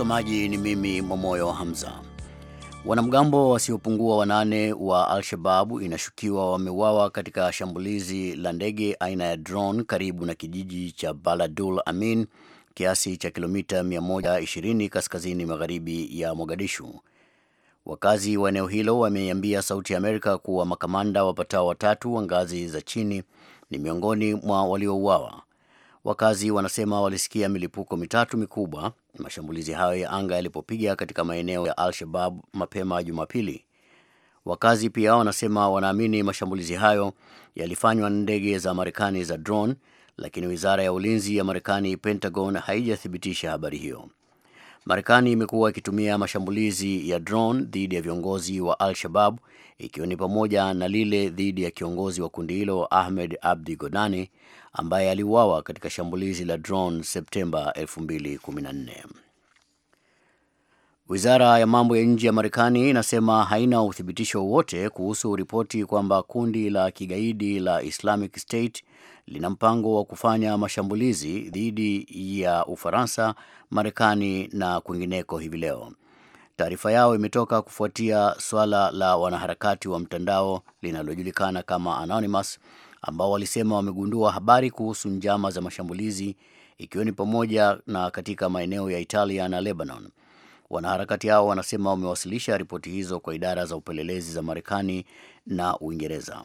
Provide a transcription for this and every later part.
Msomaji ni mimi Momoyo Hamza. Wanamgambo wasiopungua wanane wa Al-Shababu inashukiwa wameuawa katika shambulizi la ndege aina ya drone karibu na kijiji cha Baladul Amin kiasi cha kilomita 120 kaskazini magharibi ya Mogadishu. Wakazi wa eneo hilo wameiambia Sauti ya Amerika kuwa makamanda wapatao watatu wa ngazi za chini ni miongoni mwa waliouawa. Wakazi wanasema walisikia milipuko mitatu mikubwa ni mashambulizi hayo ya anga yalipopiga katika maeneo ya Al-Shabab mapema Jumapili. Wakazi pia wanasema wanaamini mashambulizi hayo yalifanywa na ndege za Marekani za drone, lakini wizara ya ulinzi ya Marekani, Pentagon, haijathibitisha habari hiyo. Marekani imekuwa ikitumia mashambulizi ya drone dhidi ya viongozi wa Al-Shabab ikiwa ni pamoja na lile dhidi ya kiongozi wa kundi hilo Ahmed Abdi Godani ambaye aliuawa katika shambulizi la drone Septemba 2014. Wizara ya mambo ya nje ya Marekani inasema haina uthibitisho wowote kuhusu ripoti kwamba kundi la kigaidi la Islamic State lina mpango wa kufanya mashambulizi dhidi ya Ufaransa, Marekani na kwingineko hivi leo. Taarifa yao imetoka kufuatia swala la wanaharakati wa mtandao linalojulikana kama Anonymous ambao walisema wamegundua habari kuhusu njama za mashambulizi ikiwa ni pamoja na katika maeneo ya Italia na Lebanon. Wanaharakati hao wanasema wamewasilisha ripoti hizo kwa idara za upelelezi za Marekani na Uingereza.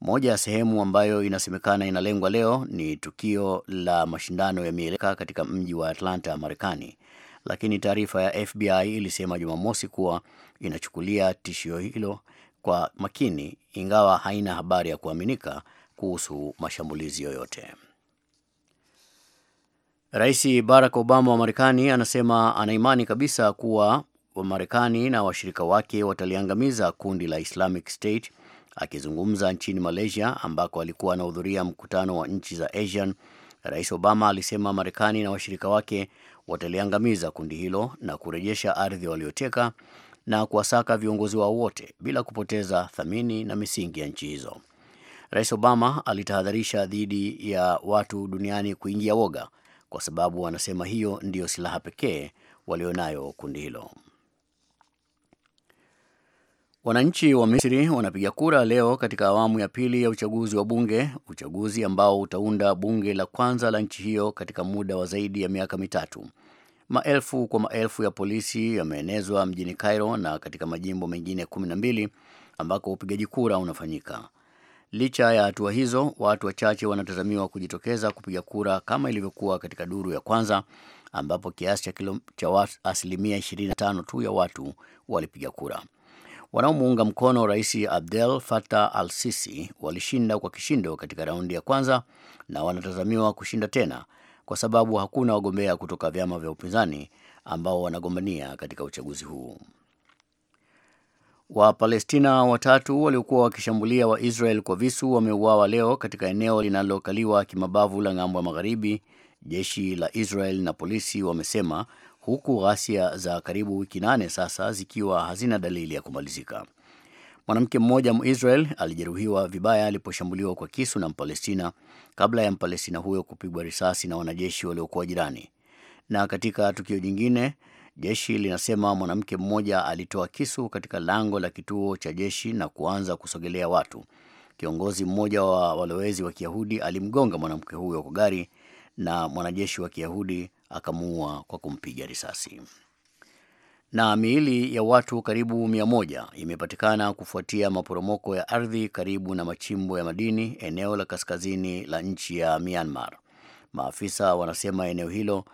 Moja ya sehemu ambayo inasemekana inalengwa leo ni tukio la mashindano ya mieleka katika mji wa Atlanta, Marekani lakini taarifa ya FBI ilisema Jumamosi kuwa inachukulia tishio hilo kwa makini, ingawa haina habari ya kuaminika kuhusu mashambulizi yoyote. Rais Barack Obama wa Marekani anasema ana imani kabisa kuwa Wamarekani na washirika wake wataliangamiza kundi la Islamic State. Akizungumza nchini Malaysia ambako alikuwa anahudhuria mkutano wa nchi za ASEAN, Rais Obama alisema Marekani na washirika wake wataliangamiza kundi hilo na kurejesha ardhi walioteka na kuwasaka viongozi wao wote bila kupoteza thamini na misingi ya nchi hizo. Rais Obama alitahadharisha dhidi ya watu duniani kuingia woga, kwa sababu wanasema hiyo ndiyo silaha pekee walionayo kundi hilo. Wananchi wa Misri wanapiga kura leo katika awamu ya pili ya uchaguzi wa bunge, uchaguzi ambao utaunda bunge la kwanza la nchi hiyo katika muda wa zaidi ya miaka mitatu. Maelfu kwa maelfu ya polisi yameenezwa mjini Cairo na katika majimbo mengine kumi na mbili ambako upigaji kura unafanyika. Licha ya hatua hizo, watu wachache wanatazamiwa kujitokeza kupiga kura kama ilivyokuwa katika duru ya kwanza ambapo kiasi cha, kilo, cha asilimia 25 tu ya watu walipiga kura. Wanaomuunga mkono Rais Abdel Fattah al-Sisi walishinda kwa kishindo katika raundi ya kwanza na wanatazamiwa kushinda tena kwa sababu hakuna wagombea kutoka vyama vya upinzani ambao wanagombania katika uchaguzi huu. Wapalestina watatu waliokuwa wakishambulia Waisrael kwa visu wameuawa leo katika eneo linalokaliwa kimabavu la ng'ambo ya magharibi, jeshi la Israel na polisi wamesema, huku ghasia za karibu wiki nane sasa zikiwa hazina dalili ya kumalizika. Mwanamke mmoja Mwisrael alijeruhiwa vibaya aliposhambuliwa kwa kisu na Mpalestina kabla ya Mpalestina huyo kupigwa risasi na wanajeshi waliokuwa jirani. Na katika tukio jingine, jeshi linasema mwanamke mmoja alitoa kisu katika lango la kituo cha jeshi na kuanza kusogelea watu. Kiongozi mmoja wa walowezi wa Kiyahudi alimgonga mwanamke huyo kwa gari na mwanajeshi wa Kiyahudi akamuua kwa kumpiga risasi na miili ya watu karibu 100 imepatikana kufuatia maporomoko ya ardhi karibu na machimbo ya madini eneo la kaskazini la nchi ya Myanmar. Maafisa wanasema eneo hilo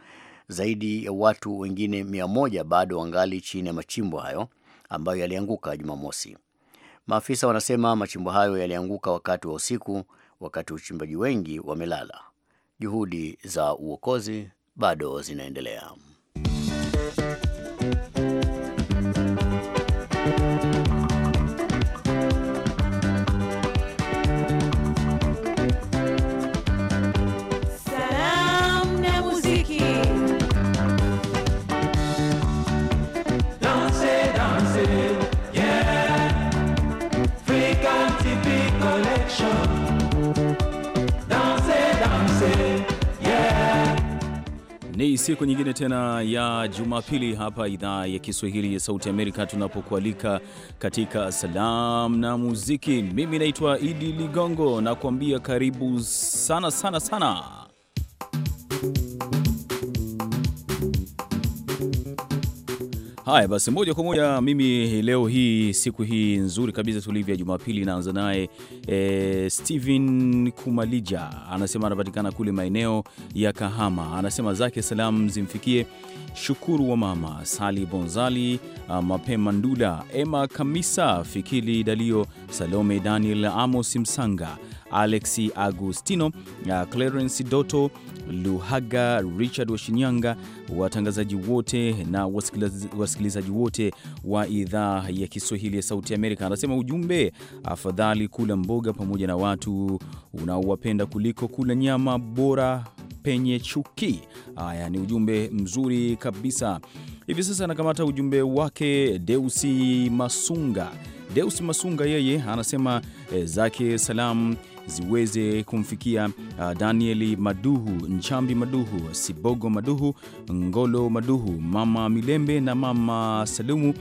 zaidi ya watu wengine 100 bado wangali chini ya machimbo hayo ambayo yalianguka Jumamosi. Maafisa wanasema machimbo hayo yalianguka wakati wa usiku, wakati uchimbaji wengi wamelala. Juhudi za uokozi bado zinaendelea. siku nyingine tena ya Jumapili hapa idhaa ya Kiswahili ya Sauti Amerika, tunapokualika katika salamu na muziki. Mimi naitwa Idi Ligongo, nakuambia karibu sana sana sana Haya basi, moja kwa moja mimi leo hii siku hii nzuri kabisa tulivyo ya Jumapili, naanza naye e, Steven Kumalija, anasema anapatikana kule maeneo ya Kahama, anasema zake salamu zimfikie Shukuru wa Mama, Sali Bonzali, ah, Mapema Ndula, Emma Kamisa, Fikili Dalio, Salome Daniel, Amos Msanga, Alexi Agustino, ah, Clarence Doto Luhaga, Richard Washinyanga, watangazaji wote na wasikilizaji wote wa idhaa ya Kiswahili ya Sauti Amerika. Anasema ujumbe, afadhali kula mboga pamoja na watu unaowapenda kuliko kula nyama bora penye chuki. Haya ni ujumbe mzuri kabisa. Hivi sasa anakamata ujumbe wake Deusi Masunga. Deus Masunga yeye anasema e, zake salamu ziweze kumfikia uh, Danieli Maduhu, Nchambi Maduhu, Sibogo Maduhu, Ngolo Maduhu, Mama Milembe na Mama Salumu,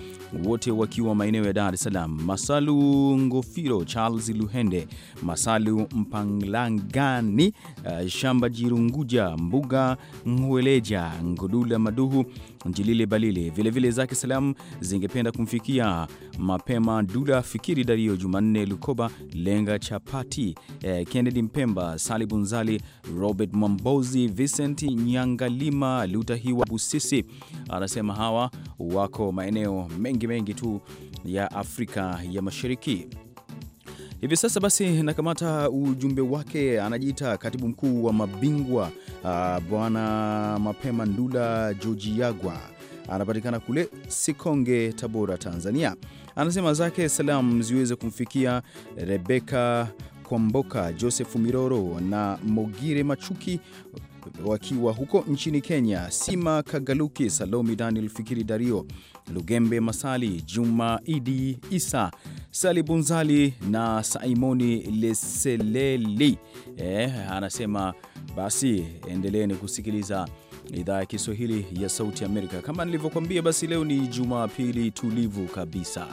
wote wakiwa maeneo ya Dar es Salaam. Masalu Ngofiro, Charles Luhende, Masalu Mpanglangani, uh, Shamba Jirunguja, Mbuga mhueleja Ngodula Maduhu, Njilile Balile, vilevile zake salamu zingependa kumfikia Mapema Dula, Fikiri Dario, Jumanne Lukoba, Lenga Chapati, eh, Kennedy Mpemba, Sali Bunzali, Robert mambozi Vincent Nyangalima, luta hiwa Busisi. Anasema hawa wako maeneo mengi mengi tu ya Afrika ya Mashariki. Hivi sasa basi nakamata ujumbe wake. Anajiita katibu mkuu wa mabingwa ah, Bwana Mapema Ndula Joji Yagwa, anapatikana kule Sikonge, Tabora, Tanzania. Anasema zake salamu ziweze kumfikia Rebeka mboka Joseph Miroro na Mogire Machuki wakiwa huko nchini Kenya, Sima Kagaluki, Salomi Daniel Fikiri, Dario Lugembe, Masali Juma, Idi Isa, Sali Bunzali na Saimoni Leseleli. Eh, anasema basi endeleeni kusikiliza idhaa ya Kiswahili ya Sauti Amerika. Kama nilivyokuambia, basi leo ni Jumapili tulivu kabisa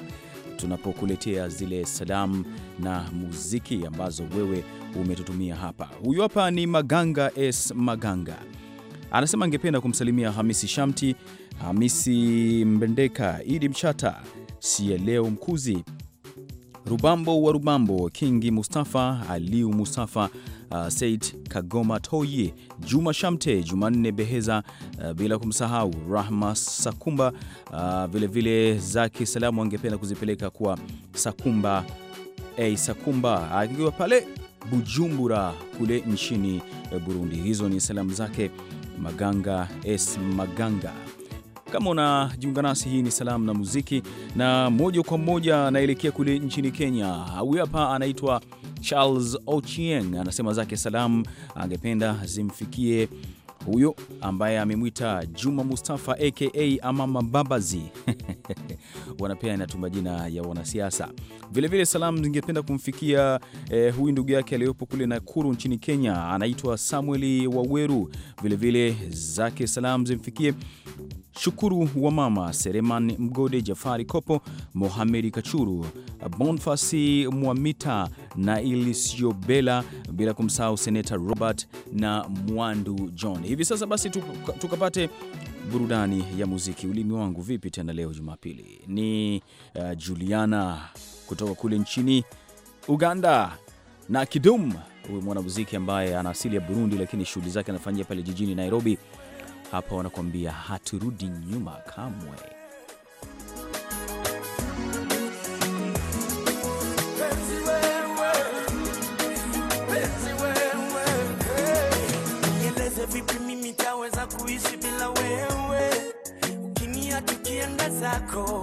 tunapokuletea zile salamu na muziki ambazo wewe umetutumia hapa. Huyu hapa ni Maganga S Maganga, anasema angependa kumsalimia Hamisi Shamti, Hamisi Mbendeka, Idi Mchata, Sieleo Mkuzi, Rubambo wa Rubambo, Kingi Mustafa, Aliu Mustafa uh, Said Kagoma Toye, Juma Shamte, Jumanne Beheza, uh, bila kumsahau Rahma Sakumba vilevile. Uh, vile zake salamu angependa kuzipeleka kwa Sakumba hey, Sakumba akiwa pale Bujumbura kule nchini uh, Burundi. Hizo ni salamu zake Maganga S Maganga. Kama unajiunga nasi, hii ni salamu na muziki, na moja kwa moja anaelekea kule nchini Kenya. Huyu hapa anaitwa Charles Ochieng anasema zake salamu angependa zimfikie huyo ambaye amemwita Juma Mustafa aka Amama Babazi wanapea inatumba jina ya wanasiasa. Vilevile salamu zingependa kumfikia eh, huyu ndugu yake aliyepo kule Nakuru nchini Kenya anaitwa Samueli Waweru. Vilevile zake salamu zimfikie Shukuru wa Mama, Sereman Mgode, Jafari Kopo, Mohamedi Kachuru, Bonfasi Mwamita na Ilisiobela, bila kumsahau Seneta Robert na Mwandu John. Hivi sasa basi tukapate burudani ya muziki. Ulimi wangu vipi tena leo Jumapili ni uh, Juliana kutoka kule nchini Uganda na Kidum, huyu mwanamuziki ambaye ana asili ya Burundi, lakini shughuli zake anafanyia pale jijini Nairobi hapa wanakuambia haturudi nyuma kamwe. Nieleze vipi mimi taweza kuishi bila wewe, ukiniachukia anga zako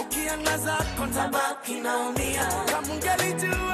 ukiangaza kontabaki naumia, kama ungelijua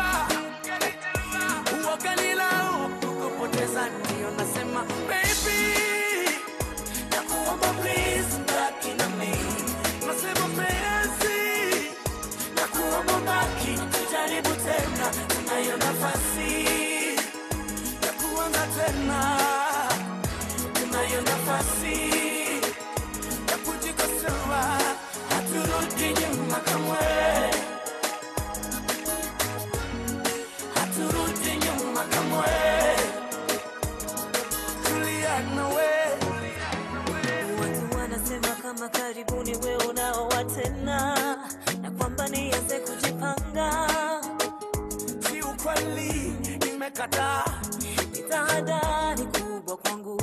Nimekataa, ni kubwa kwangu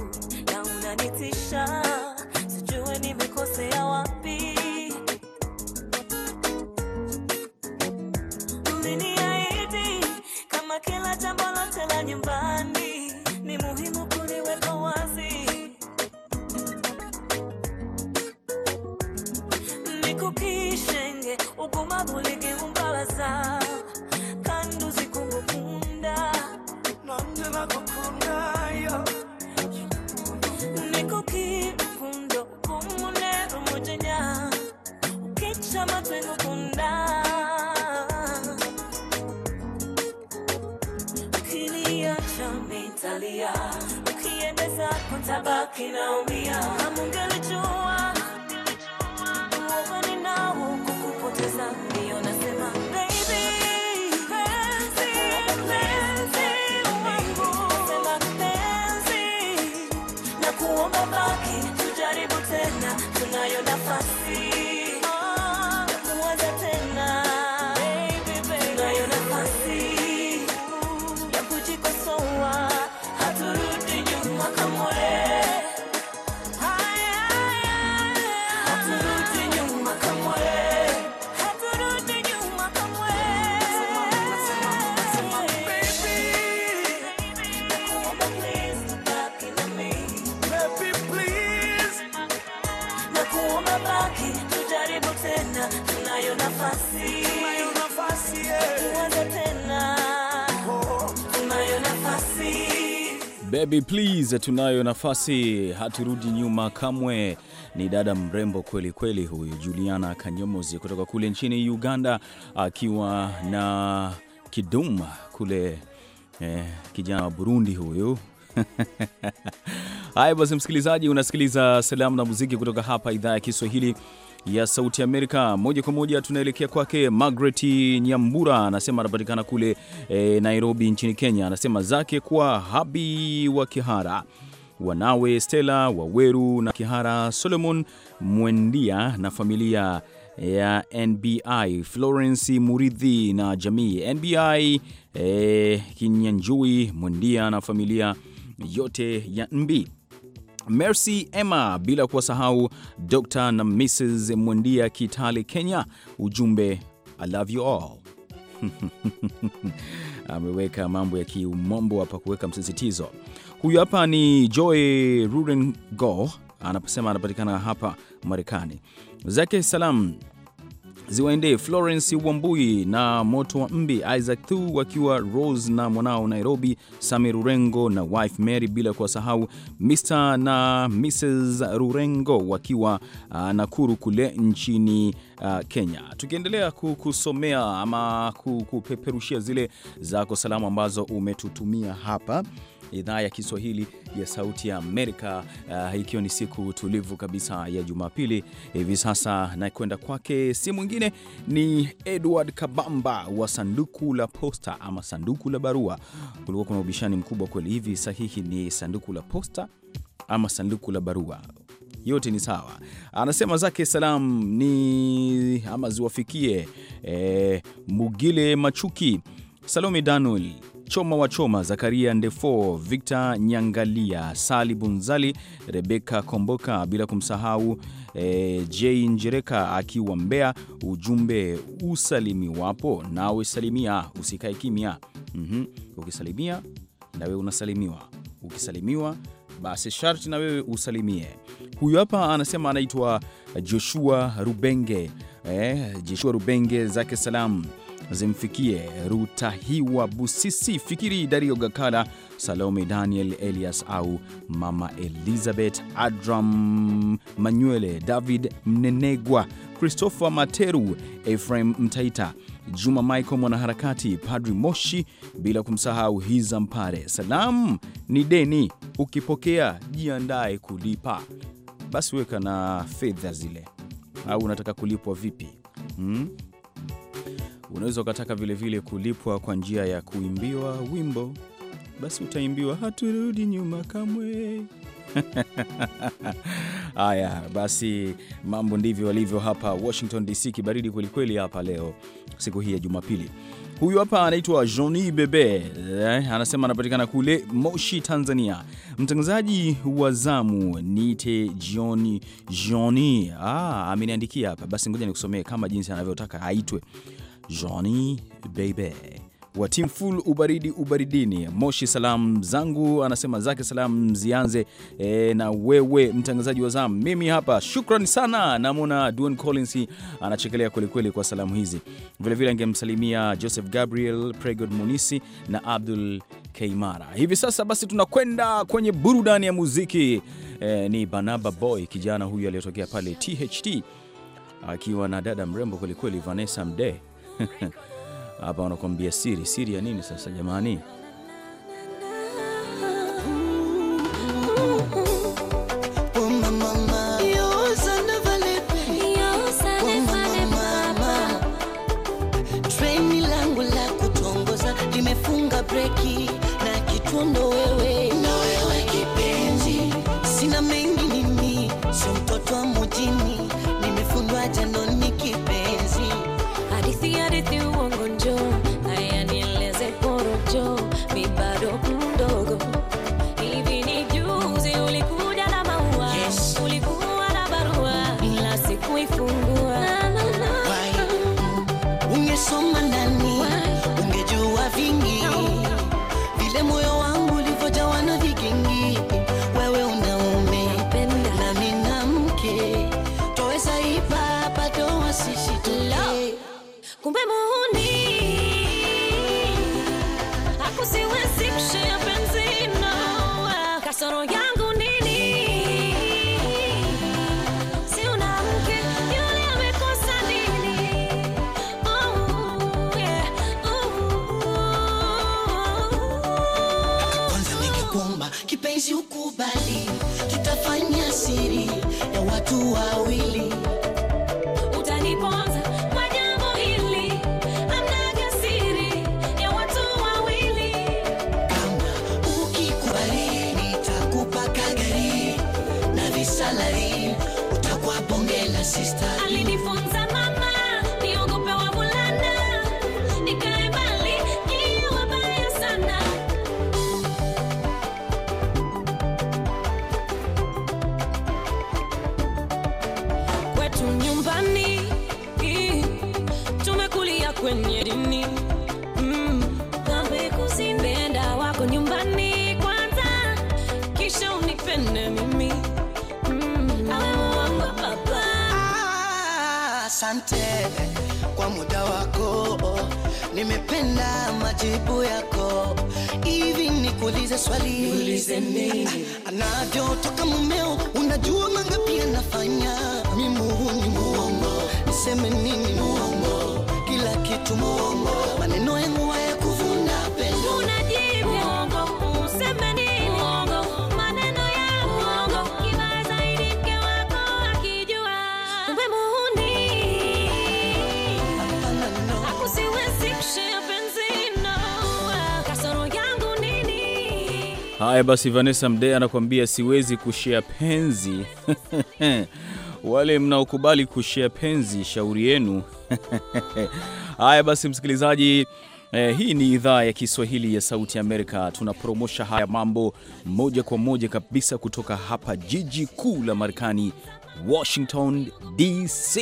na unanitisha nitabaki naumia Baby please, tunayo nafasi, haturudi nyuma kamwe. Ni dada mrembo kweli kweli huyu Juliana Kanyomozi kutoka kule nchini Uganda, akiwa na Kidum kule eh, kijana wa Burundi huyu Haya basi, msikilizaji, unasikiliza salamu na muziki kutoka hapa idhaa ya Kiswahili ya Sauti Amerika. Moja kwa moja tunaelekea kwake Margaret Nyambura, anasema anapatikana kule e, Nairobi nchini Kenya. Anasema zake kwa Habi wa Kihara, wanawe Stella Waweru na Kihara Solomon Mwendia na familia ya NBI Florence Muridhi na jamii NBI e, eh, Kinyanjui Mwendia na familia yote ya Mbi Mercy Emma, bila kuwasahau Dr. na Mrs. Mwendia kitali Kenya. Ujumbe I love you all. Ameweka mambo ya kiumombo hapa kuweka msisitizo. Huyu hapa ni Joy Ruren Go, anaposema anapatikana hapa Marekani. Zake salam Ziwaendee Florence Wambui na Moto wa Mbi, Isaac Thu wakiwa Rose na mwanao Nairobi, Samir Rurengo na wife Mary, bila kuwasahau Mr na Mrs Rurengo wakiwa uh, Nakuru kule nchini uh, Kenya. Tukiendelea kukusomea ama kukupeperushia zile zako salamu ambazo umetutumia hapa idhaa ya Kiswahili ya Sauti ya Amerika, uh, ikiwa ni siku tulivu kabisa ya Jumapili hivi sasa, na kwenda kwake si mwingine ni Edward Kabamba wa sanduku la posta ama sanduku la barua. Kulikuwa kuna ubishani mkubwa kweli, hivi sahihi ni sanduku la posta ama sanduku la barua? Yote ni sawa. Anasema zake salam ni ama ziwafikie e, Mugile Machuki, Salome Daniel Choma wa Choma, Zakaria Ndefo, Victor Nyangalia, Sali Bunzali, Rebeka Komboka, bila kumsahau e, eh, J Njereka akiwa mbea Ujumbe usalimi wapo nawe salimia, usikae kimya. mm -hmm. Ukisalimia nawe unasalimiwa, ukisalimiwa basi sharti na wewe usalimie. Huyu hapa anasema anaitwa Joshua Rubenge. Eh, Joshua Rubenge zake salamu zimfikie Rutahiwa Busisi, Fikiri Dario Gakala, Salome Daniel Elias au Mama Elizabeth Adram Manyuele, David Mnenegwa, Christopher Materu, Efraim Mtaita, Juma Michael mwanaharakati, Padri Moshi, bila kumsahau Hiza Mpare. Salamu ni deni, ukipokea jiandaye kulipa. Basi weka na fedha zile, au unataka kulipwa vipi? hmm? Unaweza ukataka vilevile kulipwa kwa njia ya kuimbiwa wimbo, basi utaimbiwa haturudi nyuma kamwe. Haya basi, mambo ndivyo alivyo hapa Washington DC, kibaridi kwelikweli hapa leo, siku hii ya Jumapili. Huyu hapa anaitwa Johnny Bebe eh, anasema anapatikana kule Moshi, Tanzania. Mtangazaji wa zamu niite Johnny Johnny. Ah, ameniandikia hapa, basi ngoja nikusomee kama jinsi anavyotaka aitwe. Johnny Bebe wa Team Full ubaridi ubaridini Moshi. Salamu zangu anasema zake salamu zianze e, na wewe mtangazaji wa zamu. Mimi hapa shukran sana. Namwona Duan Collins anachekelea kwelikweli kwa salamu hizi. Vilevile angemsalimia Joseph Gabriel, Pregod Munisi na Abdul Keimara. Hivi sasa basi tunakwenda kwenye burudani ya muziki e, ni Banaba Boy, kijana huyu aliyotokea pale THT akiwa na dada mrembo kwelikweli Vanessa Mdee hapa wanakuambia siri siri ya nini sasa jamani? siri ya watu wawili. asante kwa muda wako, nimependa majibu yako. Hivi nikuulize swali, ulize nini? Anavyotoka mumeo, unajua mangapi anafanya? Mi muhuni muongo, niseme nini? Muongo, kila kitu muongo, maneno yangu haya Haya basi, Vanessa Mdee anakuambia siwezi kushea penzi wale mnaokubali kushea penzi, shauri yenu. Haya basi, msikilizaji Eh, hii ni idhaa ya Kiswahili ya Sauti ya Amerika. Tunapromosha haya mambo moja kwa moja kabisa kutoka hapa jiji kuu la Marekani, Washington DC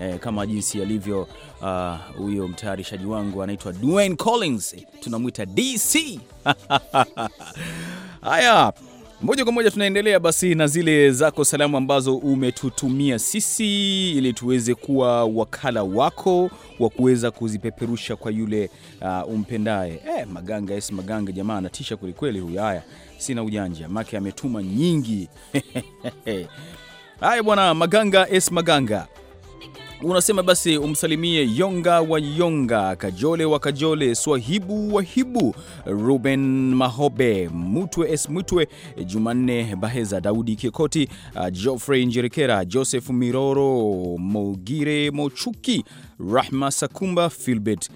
eh, kama jinsi yalivyo ah, huyo. Uh, mtayarishaji wangu anaitwa Dwayne Collins, tunamwita DC. Haya, moja kwa moja tunaendelea basi na zile zako salamu ambazo umetutumia sisi ili tuweze kuwa wakala wako wa kuweza kuzipeperusha kwa yule uh, umpendaye. Eh, Maganga es Maganga, jamaa anatisha kwelikweli huyu. Haya, sina ujanja make ametuma nyingi. Haya bwana Maganga es Maganga unasema basi umsalimie Yonga wa Yonga, Kajole wa Kajole, Swahibu wa Hibu, Ruben Mahobe, Mutwe S Mutwe, Jumanne Baheza, Daudi Kikoti, uh, Geoffrey Njerekera, Joseph Miroro, Mogire Mochuki, Rahma Sakumba, Filbert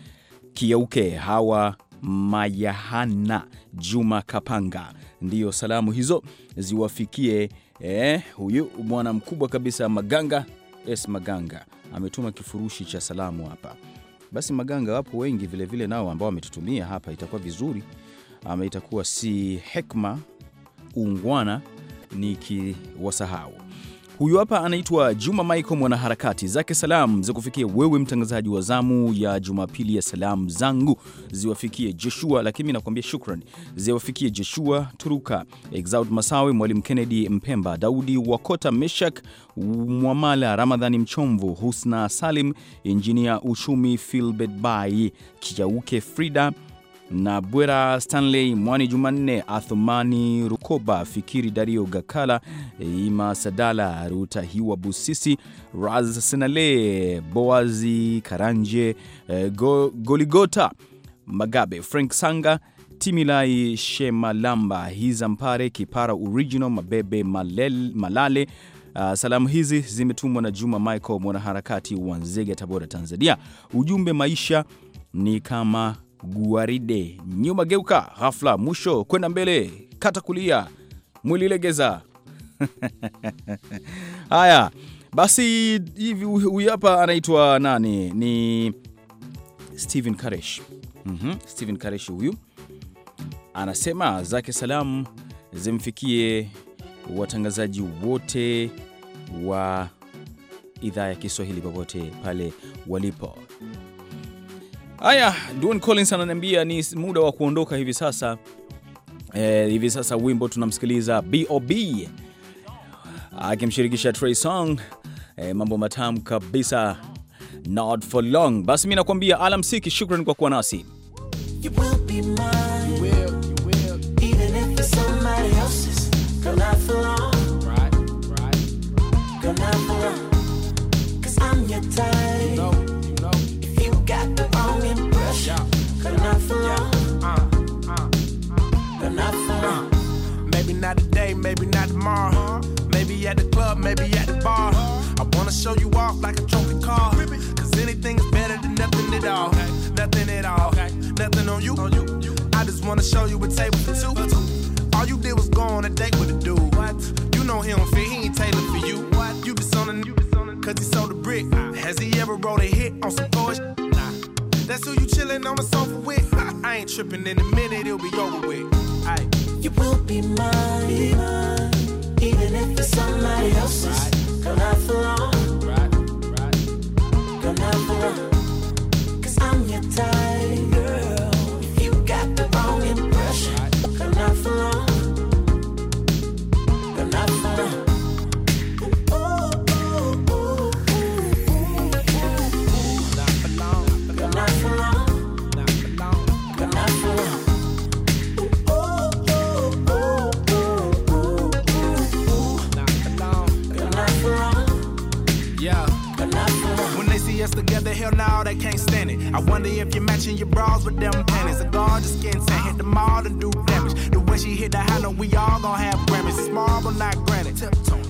Kiauke, Hawa Mayahana, Juma Kapanga. Ndiyo salamu hizo ziwafikie eh, huyu bwana mkubwa kabisa Maganga S Maganga ametuma kifurushi cha salamu hapa. Basi Maganga, wapo wengi vilevile vile nao ambao wametutumia hapa, itakuwa vizuri ama itakuwa si hekma ni nikiwasahau. Huyu hapa anaitwa Juma Michael, mwanaharakati zake salamu za kufikia wewe mtangazaji wa zamu ya Jumapili ya salamu zangu ziwafikie Joshua, lakini nakuambia shukran, ziwafikie Joshua Turuka, Exaud Masawe, Mwalimu Kennedy Mpemba, Daudi Wakota, Meshak Mwamala, Ramadhani Mchomvu, Husna Salim, Injinia Uchumi Filbert Bai Kijauke, Frida na Bwera Stanley Mwani, Jumanne Athumani Rukoba, Fikiri Dario Gakala, Ima Sadala Rutahiwa Busisi, Raz Senale, Boazi Karanje, eh, Go, Goligota Magabe, Frank Sanga Timilai Shemalamba, Hizampare Kipara Original, Mabebe Malel, Malale. Uh, salamu hizi zimetumwa na Juma Michael, mwanaharakati wa Nzega, Tabora, Tanzania. Ujumbe maisha ni kama guaride, nyuma geuka, ghafla, mwisho kwenda mbele, kata kulia, mwili legeza. Haya basi, hivi huyu hapa anaitwa nani? Ni Stephen Karesh. mm -hmm. Stephen Karesh huyu anasema zake salamu zimfikie watangazaji wote wa idhaa ya Kiswahili popote pale walipo Haya, Duane Collins ananiambia ni muda wa kuondoka hivi sasa. Eh, hivi sasa wimbo tunamsikiliza Bob akimshirikisha Trey Song. Eh, mambo matamu kabisa, not for long. Basi mimi nakwambia alamsiki, shukrani kwa kuwa nasi. maybe at the bar. I wanna show you off like a trophy car. Cause anything is better than nothing at all. Nothing at all. Nothing on you. I just wanna show you a table for two. All you did was go on a date with a dude. What? You know he don't fit, he ain't tailored for you. What? You just on a cause he sold a brick. Has he ever wrote a hit on some poetry? Nah. That's who you chillin' on the sofa with. I ain't trippin' in a minute, it'll be over with. Aye. You will be mine. Be mine even if it's somebody else's. Right. for long. Right. Right. for long. Yeah. When they see us together, hell no, they can't stand it. I wonder if you're matching your bras with them panties. A gorgeous skin tan hit the mall to do damage. The way she hit the handle, we all gon' have Grammys. It's marble, not granite.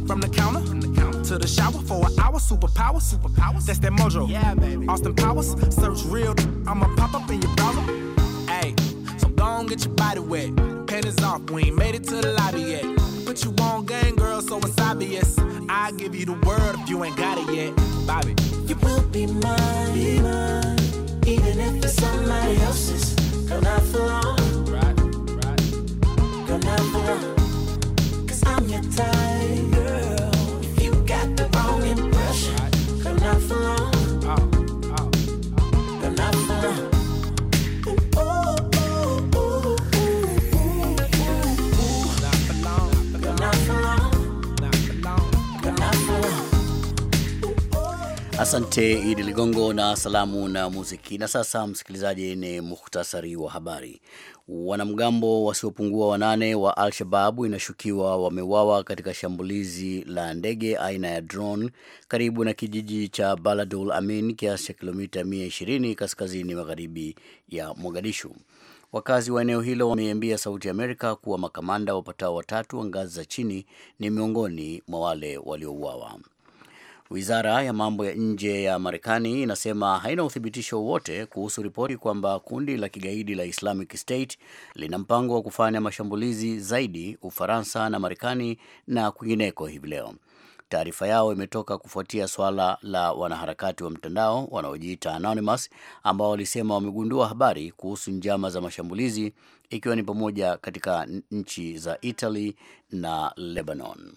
From the counter, to the shower for an hour. Superpower, superpowers. That's that mojo. Yeah, baby. Austin Powers, search real. I'ma pop up in your browser. Hey, so go not get your body wet. Panties off, we ain't made it to the lobby yet. But you want, gang girl, so it's obvious. I give you the world if you ain't got it yet. Bobby. You will be mine, be mine. even if it's somebody else's. Girl, not for long. Right, right. Girl, not for long. Cause I'm your type, girl. If you got the wrong impression, right. girl, not for long. Asante Idi Ligongo na salamu na muziki. Na sasa, msikilizaji, ni muhtasari wa habari. Wanamgambo wasiopungua wanane wa Al-Shababu inashukiwa wamewawa katika shambulizi la ndege aina ya drone karibu na kijiji cha Baladul Amin kiasi cha kilomita 120 kaskazini magharibi ya Mogadishu. Wakazi wa eneo hilo wameiambia Sauti Amerika kuwa makamanda wapatao watatu wa ngazi za chini ni miongoni mwa wale waliouawa. Wizara ya mambo ya nje ya Marekani inasema haina uthibitisho wowote kuhusu ripoti kwamba kundi la kigaidi la Islamic State lina mpango wa kufanya mashambulizi zaidi Ufaransa na Marekani na kwingineko hivi leo. Taarifa yao imetoka kufuatia swala la wanaharakati wa mtandao wanaojiita Anonymous ambao walisema wamegundua habari kuhusu njama za mashambulizi ikiwa ni pamoja katika nchi za Italy na Lebanon.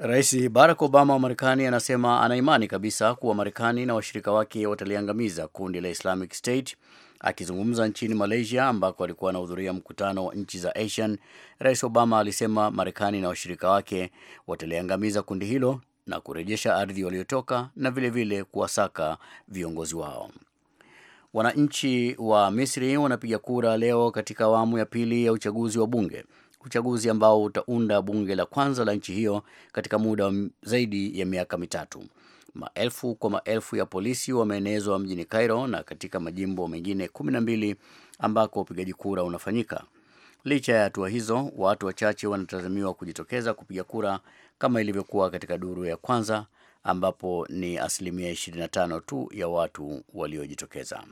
Rais Barack Obama wa Marekani anasema ana imani kabisa kuwa Marekani na washirika wake wataliangamiza kundi la Islamic State. Akizungumza nchini Malaysia ambako alikuwa anahudhuria mkutano wa nchi za ASEAN, Rais Obama alisema Marekani na washirika wake wataliangamiza kundi hilo na kurejesha ardhi waliotoka na vilevile kuwasaka viongozi wao. Wananchi wa Misri wanapiga kura leo katika awamu ya pili ya uchaguzi wa bunge uchaguzi ambao utaunda bunge la kwanza la nchi hiyo katika muda wa zaidi ya miaka mitatu. Maelfu kwa maelfu ya polisi wameenezwa mjini Cairo na katika majimbo mengine kumi na mbili ambako upigaji kura unafanyika. Licha ya hatua hizo, watu wachache wanatazamiwa kujitokeza kupiga kura kama ilivyokuwa katika duru ya kwanza ambapo ni asilimia 25 tu ya watu waliojitokeza.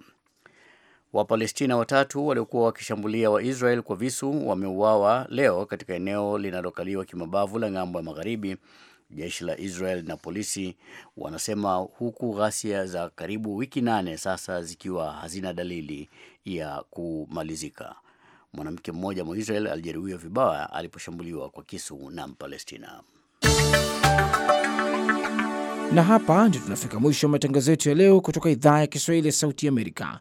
Wapalestina watatu waliokuwa wakishambulia Waisrael kwa visu wameuawa leo katika eneo linalokaliwa kimabavu la ng'ambo ya magharibi, jeshi la Israel na polisi wanasema, huku ghasia za karibu wiki nane sasa zikiwa hazina dalili ya kumalizika. Mwanamke mmoja mwa Israel alijeruhiwa vibaya aliposhambuliwa kwa kisu na Mpalestina. Na hapa ndio tunafika mwisho wa matangazo yetu ya leo kutoka idhaa ya Kiswahili ya Sauti Amerika.